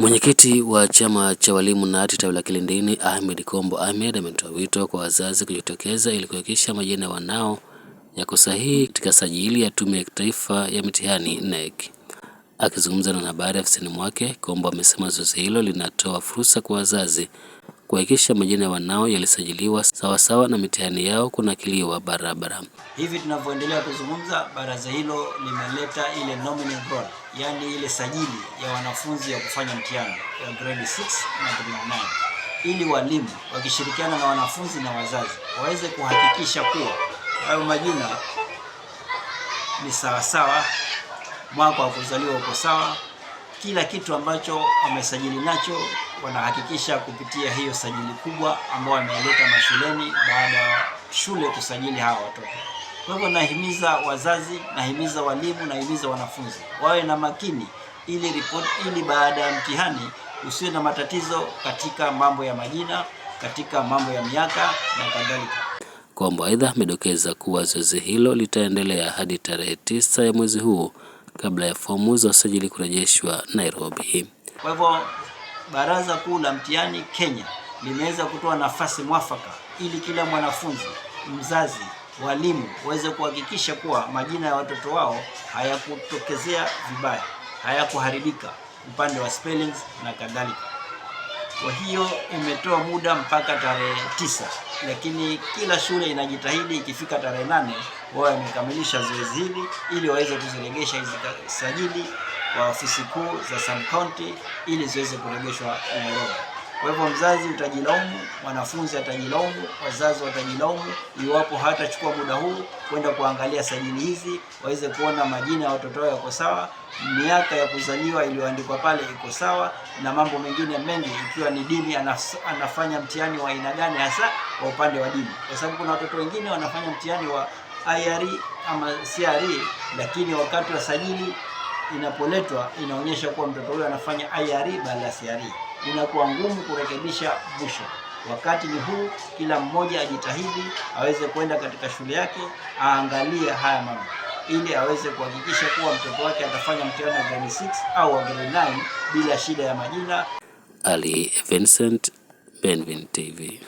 Mwenyekiti wa chama cha walimu nati tawi la Kilindini, Ahmed Kombo Ahmed ametoa wito kwa wazazi kujitokeza ili kuhakikisha majina ya wanao yako sahihi katika sajili ya Tume ya Kitaifa ya Mitihani NEC. Akizungumza na habari afisini mwake, Kombo amesema zoezi hilo linatoa fursa kwa wazazi kuhakikisha majina ya wanao yalisajiliwa sawasawa na mitihani yao kunakiliwa barabara. Hivi tunavyoendelea kuzungumza, baraza hilo limeleta ile nominal roll, yani ile sajili ya wanafunzi ya kufanya mtihani ya grade 6 na grade 9 ili walimu wakishirikiana na wanafunzi na wazazi waweze kuhakikisha kuwa hayo majina ni sawasawa, mwaka wa kuzaliwa uko sawa, kila kitu ambacho wamesajili nacho wanahakikisha kupitia hiyo sajili kubwa ambayo wameleta mashuleni baada ya shule kusajili hawa watoto. Kwa hivyo nahimiza wazazi, nahimiza walimu, nahimiza wanafunzi wawe na makini ili report, ili baada ya mtihani usiwe na matatizo katika mambo ya majina, katika mambo ya miaka na kadhalika. Kwamba aidha amedokeza kuwa zoezi hilo litaendelea hadi tarehe tisa ya mwezi huu kabla ya fomu za usajili kurejeshwa Nairobi. Kwa hivyo Baraza Kuu la Mtihani Kenya limeweza kutoa nafasi mwafaka ili kila mwanafunzi, mzazi, walimu waweze kuhakikisha kuwa majina ya watoto wao hayakutokezea vibaya, hayakuharibika upande wa spellings na kadhalika. Kwa hiyo imetoa muda mpaka tarehe tisa, lakini kila shule inajitahidi ikifika tarehe nane wao wamekamilisha zoezi hili ili waweze kuziregesha hizi sajili wa ofisi kuu za Sam County ili ziweze kurejeshwa Nairobi. Kwa hivyo mzazi utajilaumu, mwanafunzi atajilaumu, wazazi watajilaumu iwapo hatachukua muda huu kwenda kuangalia sajili hizi waweze kuona majina ya watoto wao yako sawa, miaka ya kuzaliwa iliyoandikwa pale iko sawa, na mambo mengine mengi, ikiwa ni dini, anafanya mtihani wa aina gani hasa kwa upande wa dini, kwa sababu kuna watoto wengine wanafanya mtihani wa IRE ama CRE, lakini wakati wa sajili inapoletwa inaonyesha kuwa mtoto huyo anafanya IRE badala ya Inakuwa ngumu kurekebisha busho. Wakati ni huu, kila mmoja ajitahidi aweze kwenda katika shule yake aangalie haya mambo, ili aweze kuhakikisha kuwa mtoto wake atafanya mtihani wa grade 6 au wa grade 9 bila shida ya majina. Ali Vincent, Benvin TV.